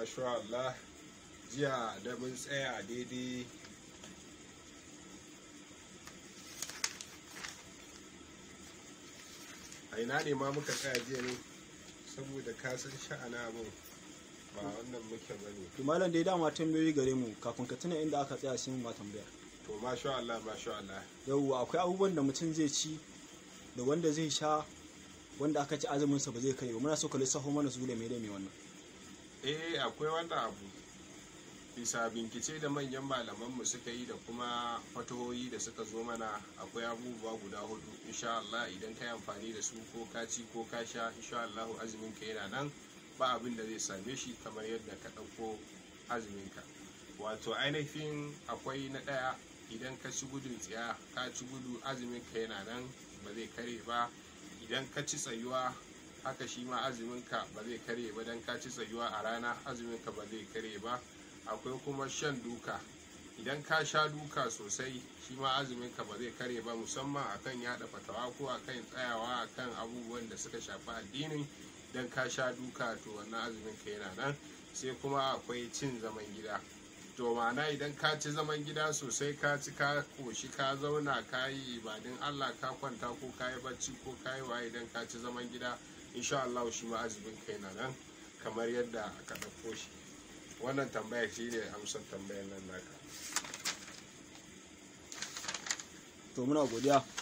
masha Allah jiya da mun tsaya daidai a ina ne ma muka tsaya jiya ne saboda ka san sha'ana abin ba wannan muke ba ne to malam dai dama tambayoyi gare mu kafin ka tuna inda aka tsaya sai ma tambaya to masha Allah masha Allah yawwa akwai abubuwan da mutum zai ci da wanda zai sha wanda aka ci azumin sa ba zai kai ba muna so ka lissafo mana su da me da me wannan eh akwai wannan abu bisa bincike da manyan malamanmu suka yi da kuma fatoyi da suka zo mana akwai abubuwa guda hudu insha Allah idan ka yi amfani da su ko ka ci ko ka sha insha Allah azumin ka yana nan ba abin da zai same shi kamar yadda ka ɗauko azumin ka wato ainihin akwai na ɗaya idan ka ci gudun tsiya ka ci gudu azumin ka yana nan ba zai kare ba idan ka ci tsayuwa haka shi ma azuminka ba zai karye ba don ka ci tsayuwa a rana azuminka ba zai karye ba akwai kuma shan duka idan ka sha duka sosai shi ma azuminka ba zai karye ba musamman akan yada fatawa ko akan tsayawa akan abubuwan da suka shafi addinin don ka sha duka to wannan azuminka yana nan sai kuma akwai cin zaman gida to ma'ana idan ka ci zaman gida sosai ka ci ka koshi ka zauna ka yi ibadin allah ka kwanta ko ka yi bacci ko ka yi idan ka ci zaman gida insha Allah shi ma azumin kai na nan kamar yadda aka ɗauko shi wannan tambaya shi ne amsar tambayar nan naka to muna godiya